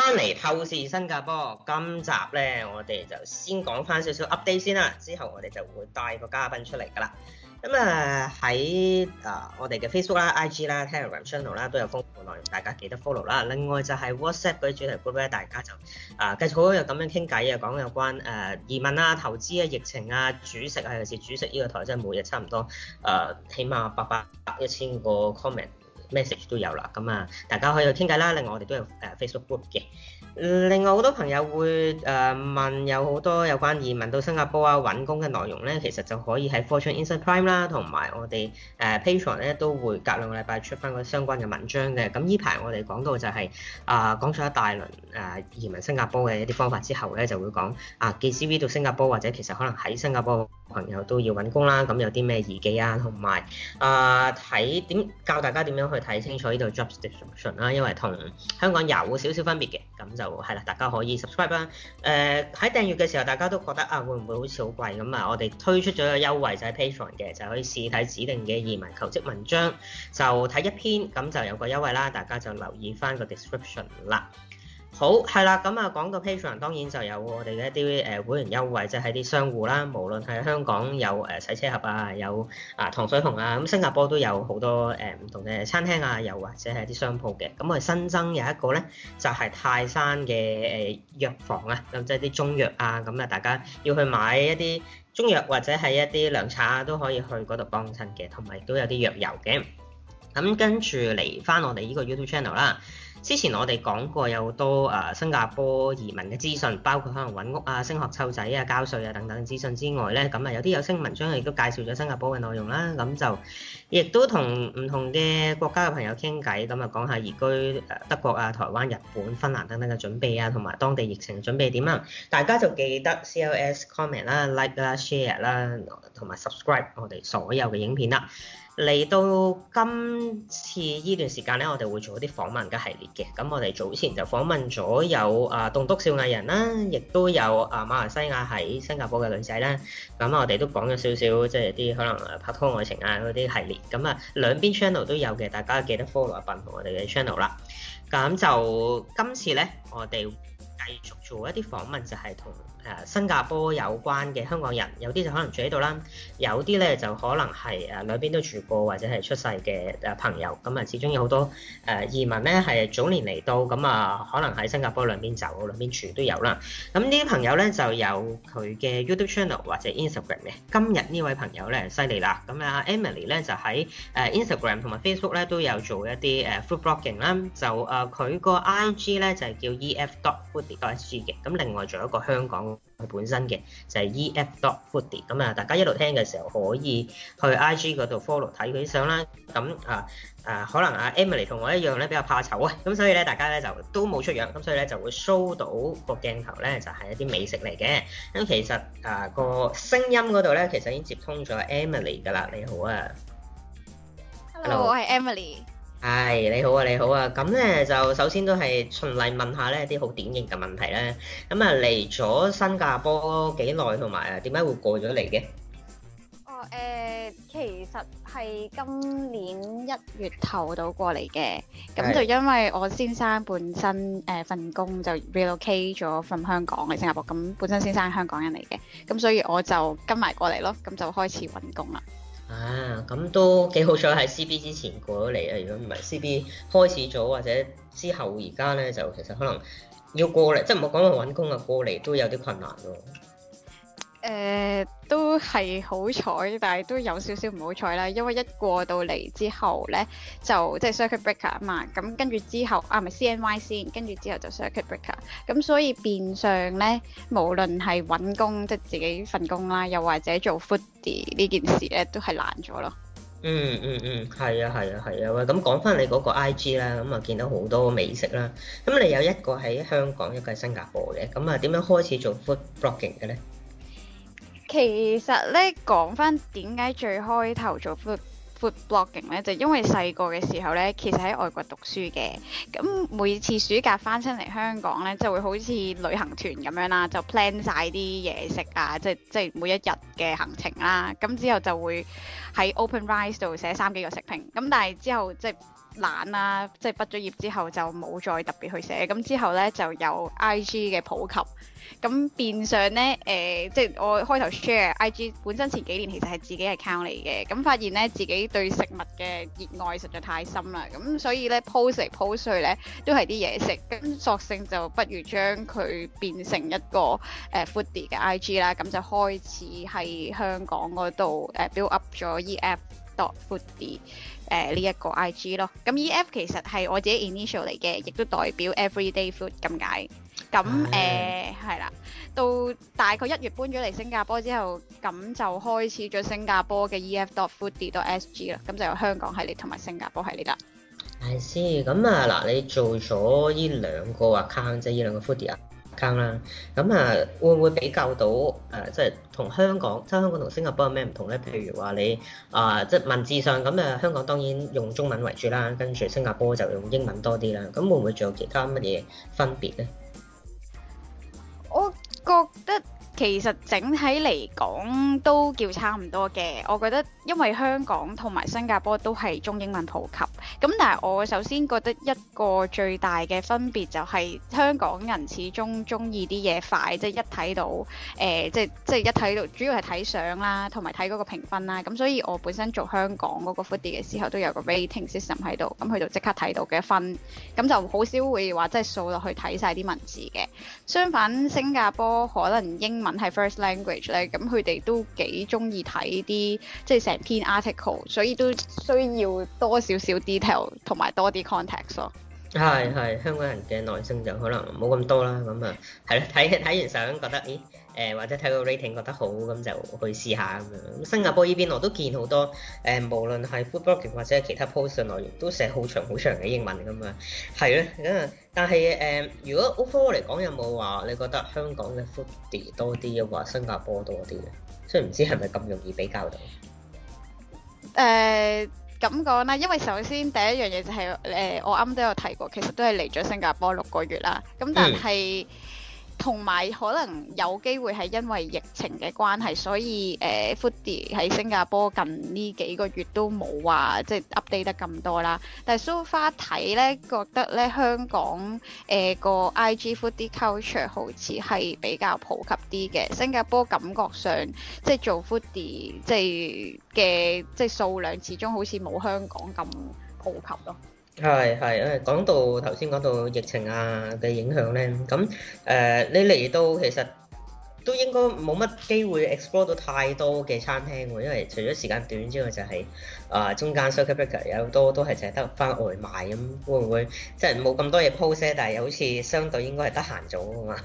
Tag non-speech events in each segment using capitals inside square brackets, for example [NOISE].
翻嚟透視新加坡，今集咧我哋就先講翻少少 update 先啦，之後我哋就會帶個嘉賓出嚟噶啦。咁啊喺啊我哋嘅 Facebook 啦、IG 啦、Telegram channel 啦都有豐富內容，大家記得 follow 啦。另外就係 WhatsApp 嗰啲主題 group 咧，大家就啊繼、呃、續好好咁樣傾偈啊，講有關誒移民啊、投資啊、疫情啊、煮食啊，尤其是煮食呢個台，真係每日差唔多誒、呃，起碼八百一千個 comment。message 都有啦，咁啊，大家可以去傾偈啦。另外我哋都有誒 Facebook 嘅，另外好多朋友會誒、呃、問有好多有關移民到新加坡啊、揾工嘅內容咧，其實就可以喺 Fortune Insight Prime 啦，同埋我哋誒 Patreon 咧都會隔兩個禮拜出翻個相關嘅文章嘅。咁呢排我哋講到就係、是、啊、呃、講咗一大輪誒、呃、移民新加坡嘅一啲方法之後咧，就會講啊寄 CV 到新加坡或者其實可能喺新加坡。朋友都要揾工啦，咁有啲咩宜忌啊？同埋啊，睇、呃、點教大家點樣去睇清楚呢度 job description 啦，因為同香港有少少分別嘅，咁就係啦，大家可以 subscribe 啦。誒、呃、喺訂閱嘅時候，大家都覺得啊，會唔會好似好貴咁啊？我哋推出咗個優惠就係、是、Patreon 嘅，就可以試睇指定嘅移民求職文章，就睇一篇咁就有個優惠啦。大家就留意翻個 description 啦。好，係啦，咁啊講到 Patreon，當然就有我哋嘅一啲誒會員優惠，即係啲商戶啦，無論係香港有誒洗車盒啊，有啊糖水紅啊，咁新加坡都有好多誒唔同嘅餐廳啊，又或者係啲商鋪嘅，咁我哋新增有一個咧，就係泰山嘅誒藥房啊，咁即係啲中藥啊，咁啊大家要去買一啲中藥或者係一啲涼茶啊，都可以去嗰度幫襯嘅，同埋都有啲藥油嘅。咁、嗯、跟住嚟翻我哋呢個 YouTube channel 啦。之前我哋講過有好多誒、啊、新加坡移民嘅資訊，包括可能揾屋啊、升學、湊仔啊、交稅啊等等資訊之外咧，咁、嗯、啊有啲有聲文章亦都介紹咗新加坡嘅內容啦。咁、嗯、就亦都同唔同嘅國家嘅朋友傾偈，咁啊講下移居德國啊、台灣、日本、芬蘭等等嘅準備啊，同埋當地疫情準備點啊。大家就記得 CLS comment 啦、like, 啊、like 啦、share 啦，同埋 subscribe 我哋所有嘅影片啦。啊嚟到今次呢段時間呢，我哋會做一啲訪問嘅系列嘅。咁我哋早前就訪問咗有啊棟篤笑藝人啦，亦都有啊馬來西亞喺新加坡嘅女仔啦。咁我哋都講咗少少，即係啲可能拍拖愛情啊嗰啲系列。咁啊，兩邊 channel 都有嘅，大家記得 follow 阿笨同我哋嘅 channel 啦。咁就今次呢，我哋繼續做一啲訪問，就係同誒、啊、新加坡有關嘅香港人，有啲就可能住喺度啦，有啲咧就可能係誒、啊、兩邊都住過或者係出世嘅誒朋友，咁啊始終有好多誒、啊、移民咧係早年嚟到，咁啊可能喺新加坡兩邊走兩邊住都有啦。咁呢啲朋友咧就有佢嘅 YouTube channel 或者 Instagram 嘅。今日呢位朋友咧犀利啦，咁啊 Emily 咧就喺誒、啊、Instagram 同埋 Facebook 咧都有做一啲誒、啊、food blogging 啦，就誒佢個 IG 咧就係、是、叫 ef dot foodie dot sg 嘅，咁另外仲有一個香港。佢本身嘅就係 E.F. dot foodie，咁啊，大家一路聽嘅時候可以去 I.G. 嗰度 follow 睇佢啲相啦。咁啊啊，可能啊 Emily 同我一樣咧比較怕醜啊，咁所以咧大家咧就都冇出樣，咁所以咧就會 show 到個鏡頭咧就係一啲美食嚟嘅。咁其實啊個聲音嗰度咧其實已經接通咗 Emily 噶啦，你好啊，hello，我係 Emily。係，你好啊，你好啊，咁咧就首先都係循例問下咧一啲好典型嘅問題啦。咁啊嚟咗新加坡幾耐同埋啊點解會過咗嚟嘅？哦誒，其實係今年一月頭到過嚟嘅。咁就因為我先生本身誒份工就 relocate 咗份香港去新加坡，咁本身先生係香港人嚟嘅，咁所以我就跟埋過嚟咯，咁就開始揾工啦。啊，咁都幾好彩喺 CB 之前過咗嚟啊！如果唔係 CB 開始咗或者之後，而家呢，就其實可能要過嚟，即唔好講話揾工啊，過嚟都有啲困難咯。誒、呃、都係好彩，但係都有少少唔好彩啦。因為一過到嚟之後咧，就即係、就是、circuit breaker 啊嘛。咁跟住之後啊，咪 C N Y 先，跟住之後就 circuit breaker。咁所以變相咧，無論係揾工即係自己份工啦，又或者做 foodie 呢件事咧，都係難咗咯。嗯嗯嗯，係、嗯嗯、啊係啊係啊，啊喂！咁講翻你嗰個 I G 啦，咁啊見到好多美食啦。咁你有一個喺香港，一個喺新加坡嘅咁啊，點樣開始做 food blogging 嘅咧？其實咧講翻點解最開頭做 food food, food blogging 咧，就是、因為細個嘅時候咧，其實喺外國讀書嘅，咁每次暑假翻親嚟香港咧，就會好似旅行團咁樣啦，就 plan 晒啲嘢食啊，即即每一日嘅行程啦，咁之後就會喺 OpenRice 度寫三幾個食評，咁但係之後即，懶啦，即係畢咗業之後就冇再特別去寫，咁之後呢，就有 I G 嘅普及，咁變相呢，誒、呃，即係我開頭 share I G 本身前幾年其實係自己 account 嚟嘅，咁發現呢，自己對食物嘅熱愛實在太深啦，咁所以呢，post 嚟 post 去呢都係啲嘢食，咁索性就不如將佢變成一個誒、呃、foodie 嘅 I G 啦，咁就開始喺香港嗰度誒 build up 咗 EF，App, foodie 呢一個 IG 咯、欸、咁、這、EF、個、其實係我自己 initial 嚟嘅，亦都代表 everyday food 咁解。咁誒係啦，到大概一月搬咗嚟新加坡之後，咁就開始咗新加坡嘅 EF foodie 到 SG 啦。咁就有香港系列同埋新加坡系列啦。係先，咁啊嗱，你做咗呢兩個啊 account 啫，呢兩個 foodie 啊。啦，咁啊、嗯、會唔會比較到誒，即係同香港，即係香港同新加坡有咩唔同咧？譬如話你啊，即、呃、係、就是、文字上咁啊，香港當然用中文為主啦，跟住新加坡就用英文多啲啦。咁會唔會仲有其他乜嘢分別咧？我覺得。其實整體嚟講都叫差唔多嘅，我覺得因為香港同埋新加坡都係中英文普及，咁但係我首先覺得一個最大嘅分別就係香港人始終中意啲嘢快，即係一睇到誒即係即係一睇到主要係睇相啦，同埋睇嗰個評分啦，咁所以我本身做香港嗰個 foodie 嘅時候都有個 rating system 喺度，咁佢就即刻睇到嘅分，咁就好少會話即係掃落去睇曬啲文字嘅。相反新加坡可能英文係 first language 咧，咁佢哋都幾中意睇啲即係成篇 article，所以都需要多少少 detail，同埋多啲 context 咯、嗯。係係，香港人嘅耐性就可能冇咁多啦。咁啊，係啦，睇睇完相覺得，咦？誒或者睇個 rating 覺得好咁就去試下咁樣。咁新加坡呢邊我都見好多誒，無論係 food blogging 或者係其他 post 嘅內容，都寫好長好長嘅英文咁樣。係咧，咁但係誒、呃，如果 overall 嚟講，有冇話你覺得香港嘅 foodie 多啲，抑或新加坡多啲咧？所以唔知係咪咁容易比較到？誒咁講咧，因為首先第一樣嘢就係、是、誒、呃，我啱都有提過，其實都係嚟咗新加坡六個月啦。咁但係。嗯同埋可能有機會係因為疫情嘅關係，所以誒 foodie 喺新加坡近呢幾個月都冇話、啊、即係 update 得咁多啦。但 s 係 so far 睇呢，覺得咧香港誒、呃、個 IG foodie culture 好似係比較普及啲嘅，新加坡感覺上即係做 foodie 即係嘅即係數量，始終好似冇香港咁普及咯。係係誒，講到頭先講到疫情啊嘅影響咧，咁誒、呃、你嚟到其實都應該冇乜機會 explore 到太多嘅餐廳喎，因為除咗時間短之外、就是，就係啊中間 circuit breaker 有好多都係凈係得翻外賣咁，會唔會即係冇咁多嘢 post？但係又好似相對應該係得閒咗㗎嘛。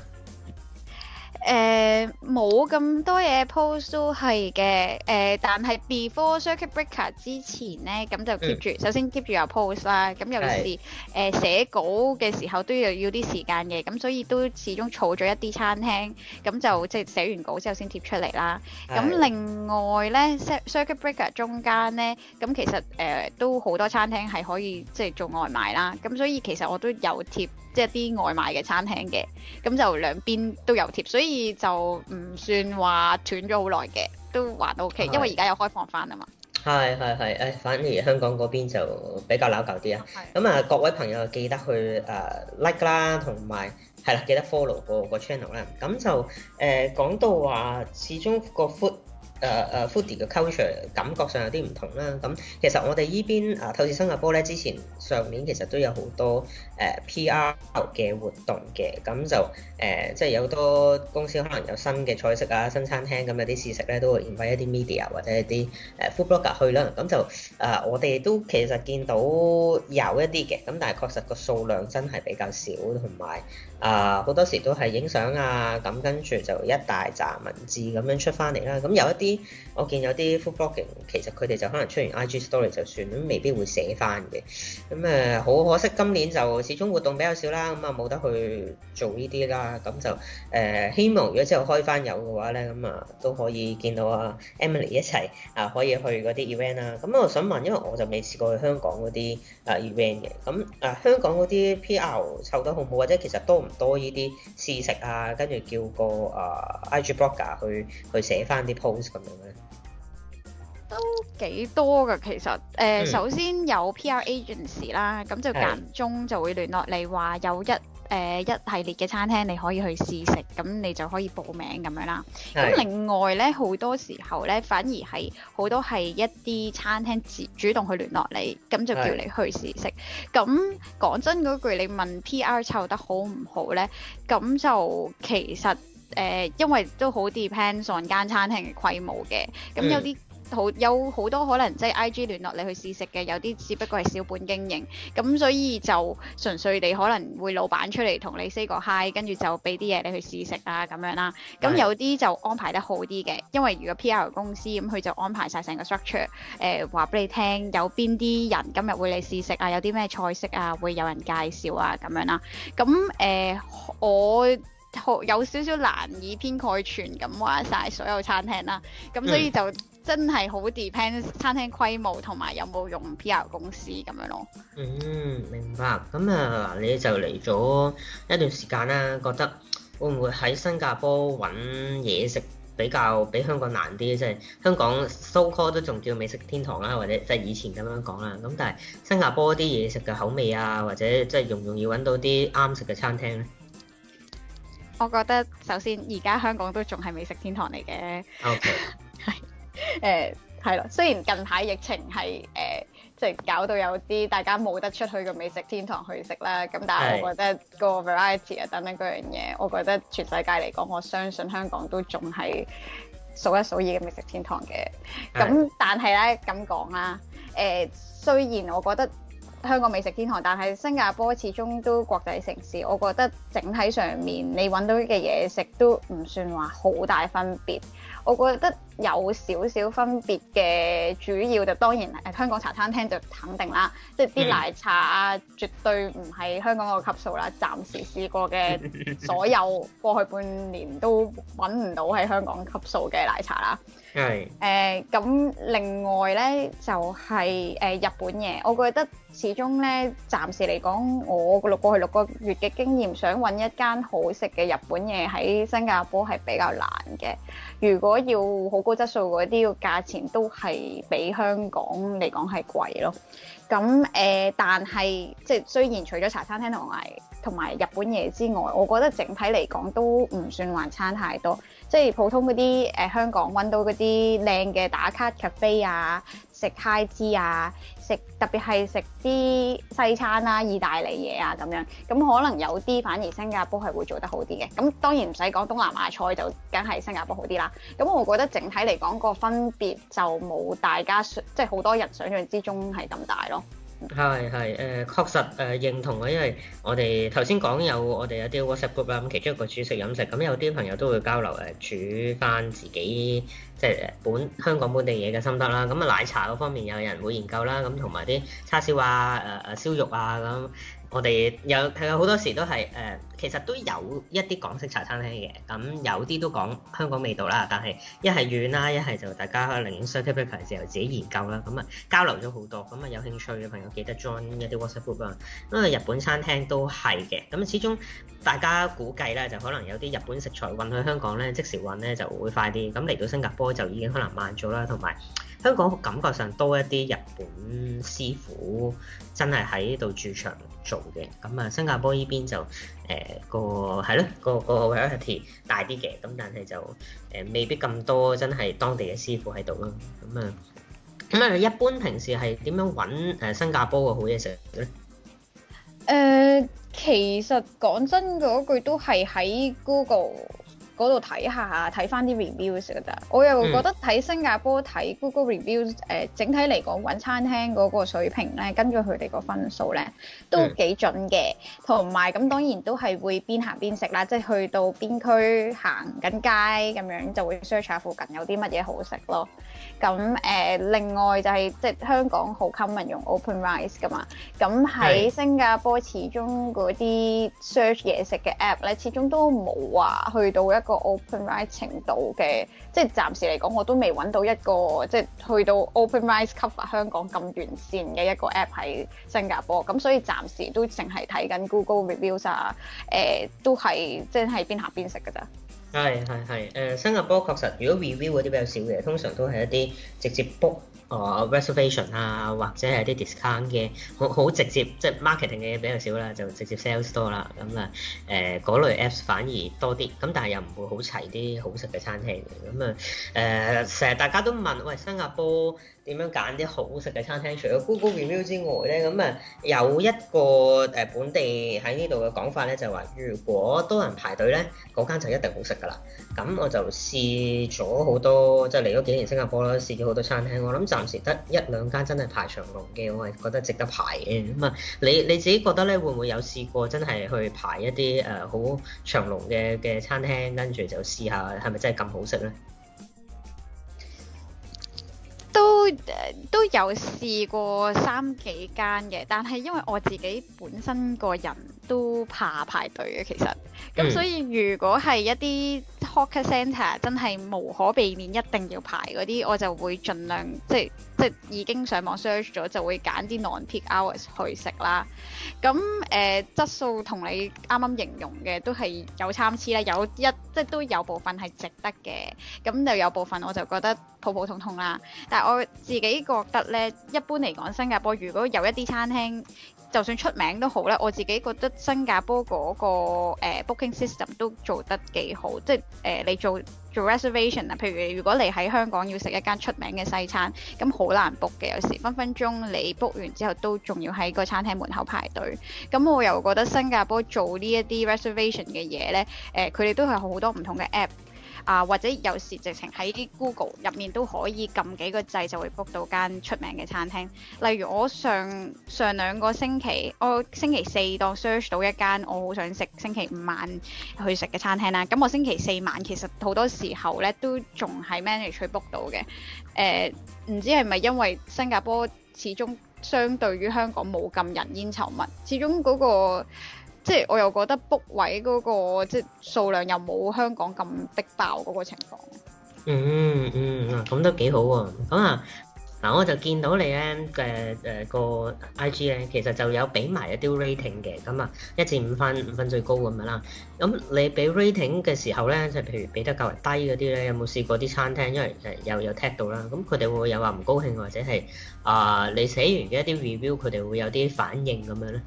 誒冇咁多嘢 post 都係嘅，誒、呃、但係 before circuit breaker 之前呢，咁就 keep 住，嗯、首先 keep 住有 post 啦。咁尤其是誒、呃、寫稿嘅時候都要要啲時間嘅，咁所以都始終儲咗一啲餐廳，咁就即係寫完稿之後先貼出嚟啦。咁是另外呢，circuit breaker 中間呢，咁其實誒、呃、都好多餐廳係可以即係、就是、做外賣啦。咁所以其實我都有貼。即係啲外賣嘅餐廳嘅，咁就兩邊都有貼，所以就唔算話斷咗好耐嘅，都還 OK。的因為而家有開放翻啊嘛。係係係，誒反而香港嗰邊就比較老舊啲啊。咁啊的，各位朋友記得去誒、呃、like 啦，同埋係啦，記得 follow 個個 channel 啦。咁就誒、呃、講到話，始終個 food 誒誒、uh、Foodie 嘅 culture 感覺上有啲唔同啦。咁其實我哋依邊啊，透視新加坡咧，之前上面其實都有好多誒、啊、PR 嘅活動嘅。咁就誒、啊，即係有好多公司可能有新嘅菜式啊、新餐廳咁，有啲試食咧都會 invite 一啲 media 或者一啲誒、啊、food blogger 去啦。咁就啊，我哋都其實見到有一啲嘅，咁但係確實個數量真係比較少，同埋。啊，好多時都係影相啊，咁跟住就一大紮文字咁樣出翻嚟啦。咁有一啲，我見有啲 food blogging，其實佢哋就可能出完 IG story 就算，都未必會寫翻嘅。咁誒，好、呃、可惜今年就始終活動比較少啦，咁啊冇得去做呢啲啦。咁就誒、呃，希望如果之後開翻有嘅話咧，咁、嗯、啊都可以見到啊 Emily 一齊啊可以去嗰啲 event 啦。咁我想問，因為我就未試過去香港嗰啲啊 event 嘅，咁啊香港嗰啲 PR 湊得好唔好，或者其實都唔～多呢啲試食啊，跟住叫個啊 IG blogger 去去寫返啲 post 咁樣咧，都幾多㗎其實，誒，首先有 PR agency 啦，咁就間中就會聯絡你話有一。誒、呃、一系列嘅餐廳你可以去試食，咁你就可以報名咁樣啦。咁是另外咧，好多時候咧，反而係好多係一啲餐廳自主動去聯絡你，咁就叫你去試食。咁是講真嗰句，你問 PR 湊得好唔好咧？咁就其實誒、呃，因為都好 depend on 間餐廳嘅規模嘅。咁有啲好有好多可能，即係 IG 聯絡你去試食嘅，有啲只不過係小本經營，咁所以就純粹地你可能會老闆出嚟同你 say 個 hi，跟住就俾啲嘢你去試食啊咁樣啦。咁有啲就安排得好啲嘅，因為如果 PR 公司咁，佢、嗯、就安排晒成個 structure，誒話俾你聽有邊啲人今日會嚟試食啊，有啲咩菜式啊，會有人介紹啊咁樣啦。咁誒、呃，我好有少少難以偏概全咁話晒所有餐廳啦，咁所以就。嗯真係好 depend 餐廳規模同埋有冇用 PR 公司咁樣咯。嗯，明白。咁啊，嗱，你就嚟咗一段時間啦，覺得會唔會喺新加坡揾嘢食比較比香港難啲？即係香港 so called 都仲叫美食天堂啦，或者即係以前咁樣講啦。咁但係新加坡啲嘢食嘅口味啊，或者即係容唔容易揾到啲啱食嘅餐廳呢？我覺得首先而家香港都仲係美食天堂嚟嘅。OK。係。誒係咯，雖然近排疫情係誒，即、嗯、係、就是、搞到有啲大家冇得出去嘅美食天堂去食啦。咁但係我覺得個 variety 啊等等嗰樣嘢，我覺得全世界嚟講，我相信香港都仲係數一數二嘅美食天堂嘅。咁但係咧，咁講啦，誒、嗯、雖然我覺得香港美食天堂，但係新加坡始終都國際城市，我覺得整體上面你揾到嘅嘢食都唔算話好大分別。我覺得。有少少分別嘅，主要就當然，誒香港茶餐廳就肯定啦，即係啲奶茶啊， [LAUGHS] 絕對唔係香港嗰個級數啦。暫時試過嘅所有過去半年都揾唔到喺香港級數嘅奶茶啦。係誒，咁另外咧就係誒日本嘢，我覺得始終咧暫時嚟講，我六過去六個月嘅經驗，想揾一間好食嘅日本嘢喺新加坡係比較難嘅。如果要好高質素嗰啲，個價錢都係比香港嚟講係貴咯。咁誒，但係即係雖然除咗茶餐廳同埋同埋日本嘢之外，我覺得整體嚟講都唔算還差太多。即係普通嗰啲誒香港揾到嗰啲靚嘅打卡 cafe 啊，食 high tea 啊，食特別係食啲西餐啦、啊、意大利嘢啊咁樣，咁、嗯、可能有啲反而新加坡係會做得好啲嘅。咁、嗯、當然唔使講東南亞菜就梗係新加坡好啲啦。咁、嗯、我覺得整體嚟講個分別就冇大家即係好多人想像之中係咁大咯。係係誒，確實誒、呃、認同啊，因為我哋頭先講有我哋有啲 WhatsApp group 啦，咁其中一個煮食飲食，咁有啲朋友都會交流誒煮返自己即係本香港本地嘢嘅心得啦。咁啊奶茶嗰方面有人會研究啦，咁同埋啲叉燒啊、誒、呃、誒燒肉啊咁。我哋有係有好多時都係誒、呃，其實都有一啲港式茶餐廳嘅，咁有啲都講香港味道啦。但係一係遠啦，一係就大家可零 supper paper 自由自己研究啦。咁啊交流咗好多，咁啊有興趣嘅朋友記得 join 一啲 WhatsApp group 啊。因為日本餐廳都係嘅，咁始終大家估計咧，就可能有啲日本食材運去香港咧，即時運咧就會快啲。咁嚟到新加坡就已經可能慢咗啦，同埋。香港感覺上多一啲日本師傅真係喺度駐場做嘅，咁啊新加坡呢邊就誒、呃、個係咯個個 quality 大啲嘅，咁但係就誒、呃、未必咁多真係當地嘅師傅喺度囉，咁啊咁啊一般平時係點樣揾誒新加坡嘅好嘢食咧？誒、呃，其實講真嗰句都係喺 Google。嗰度睇下，睇翻啲 reviews 㗎咋？我又覺得喺新加坡睇 Google reviews，誒，整體嚟講揾餐廳嗰個水平咧，跟住佢哋個分數咧，都幾準嘅。同埋咁當然都係會邊行邊食啦，即係去到邊區行緊街咁樣就會 search 下附近有啲乜嘢好食咯。咁誒，另外就係即係香港好 common 用 OpenRice 噶嘛。咁喺新加坡始終嗰啲 search 嘢食嘅 app 咧，始終都冇話去到一，個 OpenRice 程度嘅，即係暫時嚟講，我都未揾到一個即係去到 OpenRice cover 香港咁完善嘅一個 app 喺新加坡，咁所以暫時都淨係睇緊 Google reviews 啊，誒、呃、都係即係邊下邊食㗎咋，係係係。誒、呃、新加坡確實，如果 review 嗰啲比較少嘅，通常都係一啲直接 book。哦、oh，reservation 啊，或者係啲 discount 嘅，好好直接，即係 marketing 嘅嘢比較少啦，就直接 sales 多啦。咁、嗯、啊，誒、呃、嗰類 apps 反而多啲，咁但係又唔會好齊啲好食嘅餐廳嘅。咁、嗯、啊，誒、呃，成日大家都問，喂新加坡。點樣揀啲好食嘅餐廳？除咗 Google Review 之外呢，咁、嗯、啊有一個誒本地喺呢度嘅講法呢，就話如果多人排隊呢，嗰間就一定好食噶啦。咁我就試咗好多，即係嚟咗幾年新加坡啦，試咗好多餐廳。我諗暫時得一兩間真係排長龍嘅，我係覺得值得排嘅。咁、嗯、啊，你你自己覺得呢，會唔會有試過真係去排一啲誒好長龍嘅嘅餐廳，跟住就試下係咪真係咁好食呢？都都有試過三幾間嘅，但係因為我自己本身個人都怕排隊嘅，其實咁所以如果係一啲，Hawker Centre 真係無可避免，一定要排嗰啲，我就會盡量即即已經上網 search 咗，就會揀啲 non-peak hours 去食啦。咁誒質素同你啱啱形容嘅都係有參差啦，有一即都有部分係值得嘅，咁就有部分我就覺得普普通通啦。但係我自己覺得咧，一般嚟講，新加坡如果有一啲餐廳。就算出名都好啦，我自己覺得新加坡嗰、嗰個、呃、booking system 都做得幾好，即係誒、呃、你做做 reservation 啊。譬如如果你喺香港要食一間出名嘅西餐，咁好難 book 嘅，有時分分鐘你 book 完之後都仲要喺個餐廳門口排隊。咁我又覺得新加坡做呢一啲 reservation 嘅嘢呢，誒佢哋都係好多唔同嘅 app。啊，或者有時直情喺 Google 入面都可以撳幾個掣，就會 book 到間出名嘅餐廳。例如我上上兩個星期，我星期四當 search 到一間我好想食，星期五晚去食嘅餐廳啦。咁我星期四晚其實好多時候咧都仲係 manage 去 book 到嘅。誒、呃，唔知係咪因為新加坡始終相對於香港冇咁人煙稠密，始終嗰、那個。即係我又覺得 book 位嗰個即係數量又冇香港咁逼爆嗰個情況。嗯嗯啊，咁都幾好喎。咁啊嗱，我就見到你咧誒誒個 IG 咧，其實就有俾埋一啲 rating 嘅。咁啊，一至五分，五分最高咁樣啦。咁你俾 rating 嘅時候咧，即係譬如俾得較為低嗰啲咧，有冇試過啲餐廳因為誒又有 tag 到啦？咁佢哋會有話唔高興，或者係啊，你寫完嘅一啲 review，佢哋會有啲反應咁樣咧？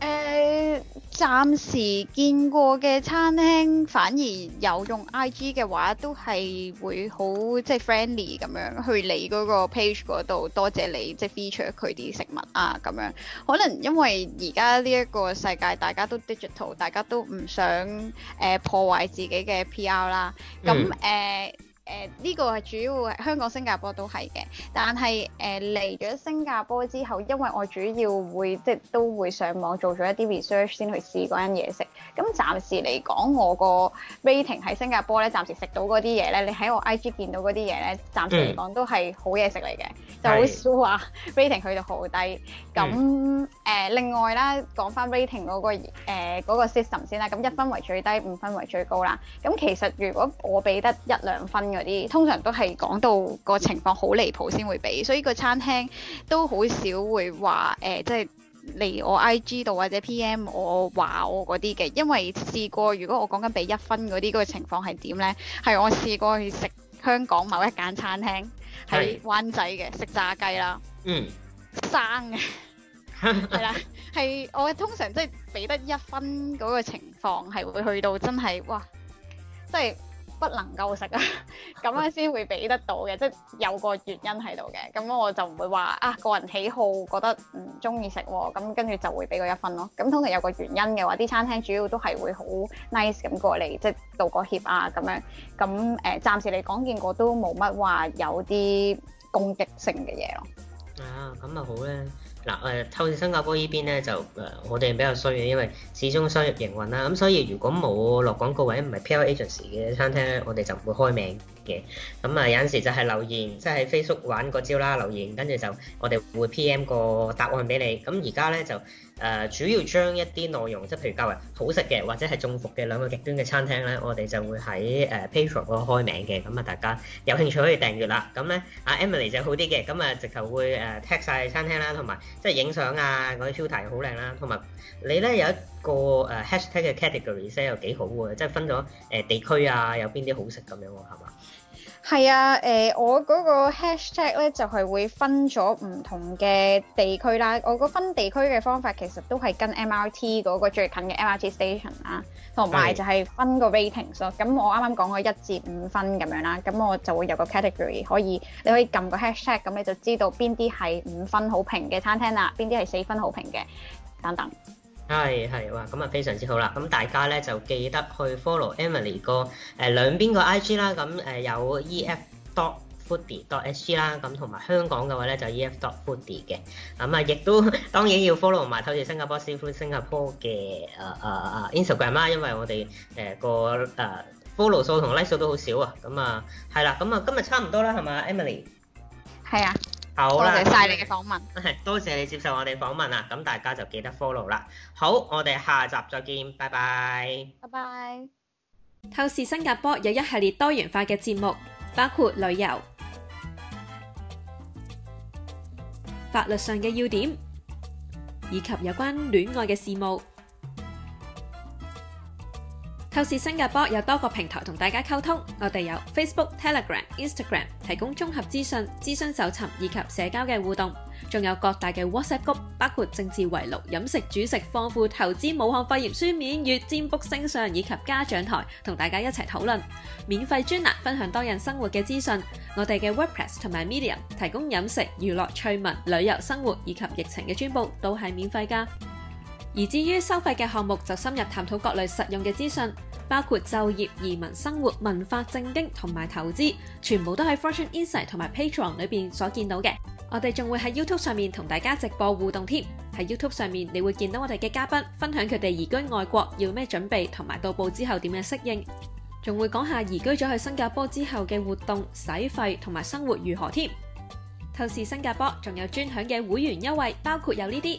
誒，暫、呃、時見過嘅餐廳反而有用 IG 嘅話，都係會好即係 friendly 咁樣去你嗰個 page 嗰度多謝你即係 feature 佢啲食物啊咁樣。可能因為而家呢一個世界大家都 digital，大家都唔想誒、呃、破壞自己嘅 PR 啦。咁誒、嗯。誒，呢個係主要香港、新加坡都係嘅，但係誒嚟咗新加坡之後，因為我主要會即係都會上網做咗一啲 research 先去試嗰間嘢食。咁暫時嚟講，我個 rating 喺新加坡咧，暫時食到嗰啲嘢咧，你喺我 IG 見到嗰啲嘢咧，暫時嚟講都係好嘢食嚟嘅，mm. 就好少話 rating 去到好低。咁誒、mm. 呃，另外啦，講翻 rating 嗰個誒、呃嗰個 system 先啦，咁一分為最低，五分為最高啦。咁其實如果我俾得一兩分。啲通常都係講到個情況好離譜先會俾，所以個餐廳都好少會話誒，即係嚟我 I G 度或者 P M 我話我嗰啲嘅。因為試過，如果我講緊俾一分嗰啲，嗰個情況係點呢？係我試過去食香港某一間餐廳喺灣仔嘅，食炸雞啦，嗯，生嘅係啦，係 [LAUGHS] [LAUGHS] 我通常即係俾得一分嗰個情況係會去到真係哇，即係。不能夠食啊，咁樣先會俾得到嘅，即係有個原因喺度嘅。咁我就唔會話啊個人喜好覺得唔中意食喎，咁跟住就會俾佢一分咯。咁通常有個原因嘅話，啲餐廳主要都係會好 nice 咁過嚟，即係道個歉啊咁樣。咁誒，暫時嚟講見過都冇乜話有啲攻擊性嘅嘢咯。啊，咁咪好咧～嗱誒、呃，透視新加坡邊呢邊咧就誒、呃，我哋比較衰嘅，因為始終商業營運啦，咁、嗯、所以如果冇落廣告位，唔係 PR Agency 嘅餐廳咧，我哋就唔會開名嘅。咁、嗯、啊、嗯，有陣時就係留言，即、就、係、是、Facebook 玩個招啦，留言跟住就我哋會 PM 個答案俾你。咁而家咧就。誒、呃、主要將一啲內容，即係譬如較為好食嘅，或者係中伏嘅兩個極端嘅餐廳咧，我哋就會喺誒 Patreon 開名嘅，咁啊大家有興趣可以訂閱啦。咁咧，阿 Emily 就好啲嘅，咁啊直頭會誒 tag 晒餐廳啦，同埋即係影相啊嗰啲 shot 好靚啦，同埋你咧有一個誒、呃、hashtag 嘅 category，即係又幾好喎，即係分咗誒地區啊，有邊啲好食咁樣喎，係嘛？係啊，誒、呃，我嗰個 hashtag 咧就係、是、會分咗唔同嘅地區啦。我個分地區嘅方法其實都係跟 MRT 嗰個最近嘅 MRT station 啦，同埋就係分個 ratings 咯。咁我啱啱講嗰一至五分咁樣啦，咁我就會有個 category 可以，你可以撳個 hashtag，咁你就知道邊啲係五分好評嘅餐廳啦，邊啲係四分好評嘅等等。係係 [MUSIC] [MUSIC] 哇，咁啊非常之好啦！咁大家咧就記得去 follow Emily 個誒、呃、兩邊個 IG 啦、呃，咁誒有 ef dot foodie dot sg 啦、呃，咁同埋香港嘅話咧就 ef dot foodie 嘅，咁啊亦都當然要 follow 埋透視新加坡師傅新加坡嘅誒誒誒 Instagram 啦、啊，因為我哋誒、呃、個誒 follow 數同 like 數都好少啊，咁啊係啦，咁啊今日差唔多啦，係嘛，Emily？係啊。啊好啦，多謝晒你嘅訪問，多謝你接受我哋訪問啊！咁大家就記得 follow 啦。好，我哋下集再見，拜拜，拜拜。透視新加坡有一系列多元化嘅節目，包括旅遊、法律上嘅要點，以及有關戀愛嘅事務。透視新加坡有多個平台同大家溝通，我哋有 Facebook、Telegram、Instagram 提供綜合資訊、諮詢搜尋以及社交嘅互動，仲有各大嘅 WhatsApp group，包括政治圍爐、飲食煮食、豐富投資、武漢肺炎書面、與占卜、星相，以及家長台，同大家一齊討論免費專欄分享多人生活嘅資訊。我哋嘅 WordPress 同埋 Medium 提供飲食、娛樂、趣聞、旅遊、生活以及疫情嘅專報，都係免費噶。而至於收費嘅項目，就深入探討各類實用嘅資訊，包括就業、移民、生活、文化、政經同埋投資，全部都喺 Fortune Insight 同埋 Patreon 裏邊所見到嘅。我哋仲會喺 YouTube 上面同大家直播互動添。喺 YouTube 上面，你會見到我哋嘅嘉賓分享佢哋移居外國要咩準備，同埋到步之後點樣適應，仲會講下移居咗去新加坡之後嘅活動、使費同埋生活如何添。透視新加坡仲有專享嘅會員優惠，包括有呢啲。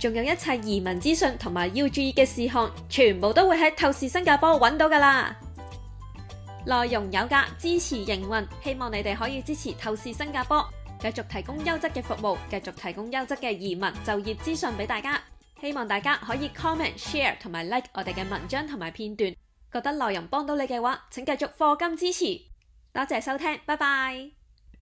仲有一切移民資訊同埋要注意嘅事項，全部都會喺透視新加坡揾到㗎喇。內容有價，支持營運，希望你哋可以支持透視新加坡，繼續提供優質嘅服務，繼續提供優質嘅移民就業資訊俾大家。希望大家可以 comment、share 同埋 like 我哋嘅文章同埋片段。覺得內容幫到你嘅話，請繼續課金支持。多謝收聽，拜拜。